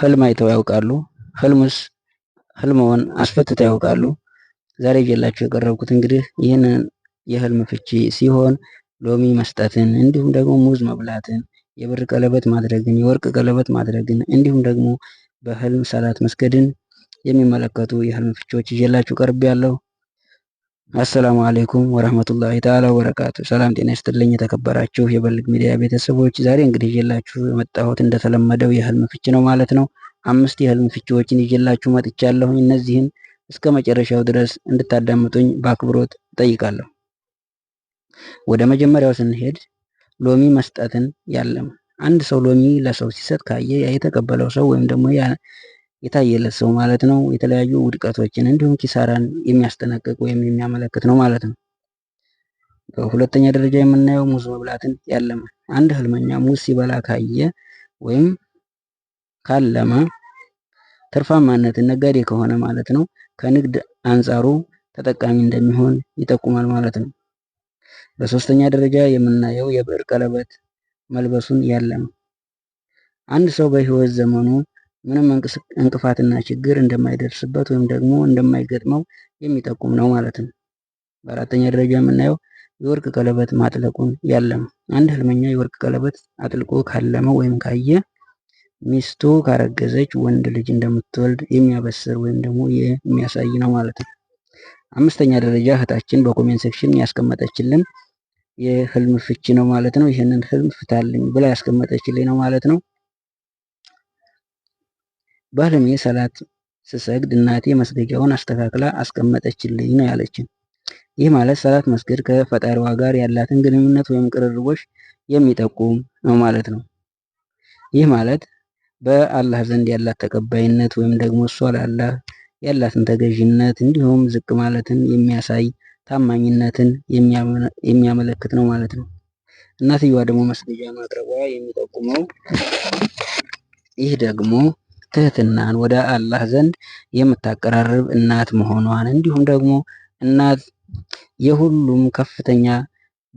ህልም አይተው ያውቃሉ? ህልሙስ ህልምዎን አስፈትተው ያውቃሉ? ዛሬ ይዤላችሁ የቀረብኩት እንግዲህ ይህንን የህልም ፍቺ ሲሆን ሎሚ መስጠትን እንዲሁም ደግሞ ሙዝ መብላትን፣ የብር ቀለበት ማድረግን፣ የወርቅ ቀለበት ማድረግን እንዲሁም ደግሞ በህልም ሰላት መስገድን የሚመለከቱ የህልም ፍቺዎች ይዤላችሁ ቀርብ ያለው አሰላሙ አሌይኩም ወረህመቱላሂ ተዓላ ወበረካቱ። ሰላም ጤና ይስጥልኝ የተከበራችሁ የበልግ ሚዲያ ቤተሰቦች፣ ዛሬ እንግዲህ ይዤላችሁ የመጣሁት እንደተለመደው የህልም ፍቺ ነው ማለት ነው። አምስት የህልም ፍቺዎችን ይዤላችሁ መጥቻለሁ። እነዚህን እስከ መጨረሻው ድረስ እንድታዳምጡኝ በአክብሮት እጠይቃለሁ። ወደ መጀመሪያው ስንሄድ ሎሚ መስጠትን ያለም አንድ ሰው ሎሚ ለሰው ሲሰጥ ካየ የተቀበለው ሰው ወይም ደግሞ የታየለት ሰው ማለት ነው የተለያዩ ውድቀቶችን እንዲሁም ኪሳራን የሚያስጠነቅቅ ወይም የሚያመለክት ነው ማለት ነው። በሁለተኛ ደረጃ የምናየው ሙዝ መብላትን ያለመ አንድ ህልመኛ ሙዝ ሲበላ ካየ ወይም ካለመ ትርፋማነትን ነጋዴ ከሆነ ማለት ነው ከንግድ አንጻሩ ተጠቃሚ እንደሚሆን ይጠቁማል ማለት ነው። በሶስተኛ ደረጃ የምናየው የብር ቀለበት መልበሱን ያለመ አንድ ሰው በህይወት ዘመኑ ምንም እንቅፋትና ችግር እንደማይደርስበት ወይም ደግሞ እንደማይገጥመው የሚጠቁም ነው ማለት ነው። በአራተኛ ደረጃ የምናየው የወርቅ ቀለበት ማጥለቁን ያለመ አንድ ህልመኛ የወርቅ ቀለበት አጥልቆ ካለመ ወይም ካየ ሚስቱ ካረገዘች ወንድ ልጅ እንደምትወልድ የሚያበስር ወይም ደግሞ የሚያሳይ ነው ማለት ነው። አምስተኛ ደረጃ እህታችን በኮሜንት ሴክሽን ያስቀመጠችልን የህልም ፍቺ ነው ማለት ነው። ይህንን ህልም ፍታልኝ ብላ ያስቀመጠችልኝ ነው ማለት ነው። ባለሜ ሰላት ስሰግድ እናቴ መስገጃውን አስተካክላ አስቀመጠችልኝ ነው ያለችን። ይህ ማለት ሰላት መስገድ ከፈጣሪዋ ጋር ያላትን ግንኙነት ወይም ቅርርቦች የሚጠቁም ነው ማለት ነው። ይህ ማለት በአላህ ዘንድ ያላት ተቀባይነት ወይም ደግሞ እሷ ለአላህ ያላትን ተገዥነት እንዲሁም ዝቅ ማለትን የሚያሳይ ታማኝነትን የሚያመለክት ነው ማለት ነው። እናትየዋ ደግሞ መስገጃ ማቅረቧ የሚጠቁመው ይህ ደግሞ ትህትናን ወደ አላህ ዘንድ የምታቀራርብ እናት መሆኗን እንዲሁም ደግሞ እናት የሁሉም ከፍተኛ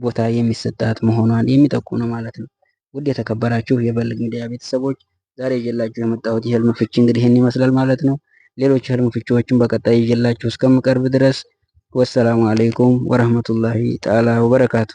ቦታ የሚሰጣት መሆኗን የሚጠቁም ነው ማለት ነው። ውድ የተከበራችሁ የበልግ ሚዲያ ቤተሰቦች ዛሬ ይዤላችሁ የመጣሁት የህልም ፍቺ እንግዲህ ይህን ይመስላል ማለት ነው። ሌሎች ህልም ፍቺዎችን በቀጣይ ይዤላችሁ እስከምቀርብ ድረስ ወሰላሙ አለይኩም ወረህመቱላሂ ተዓላ ወበረካቱ።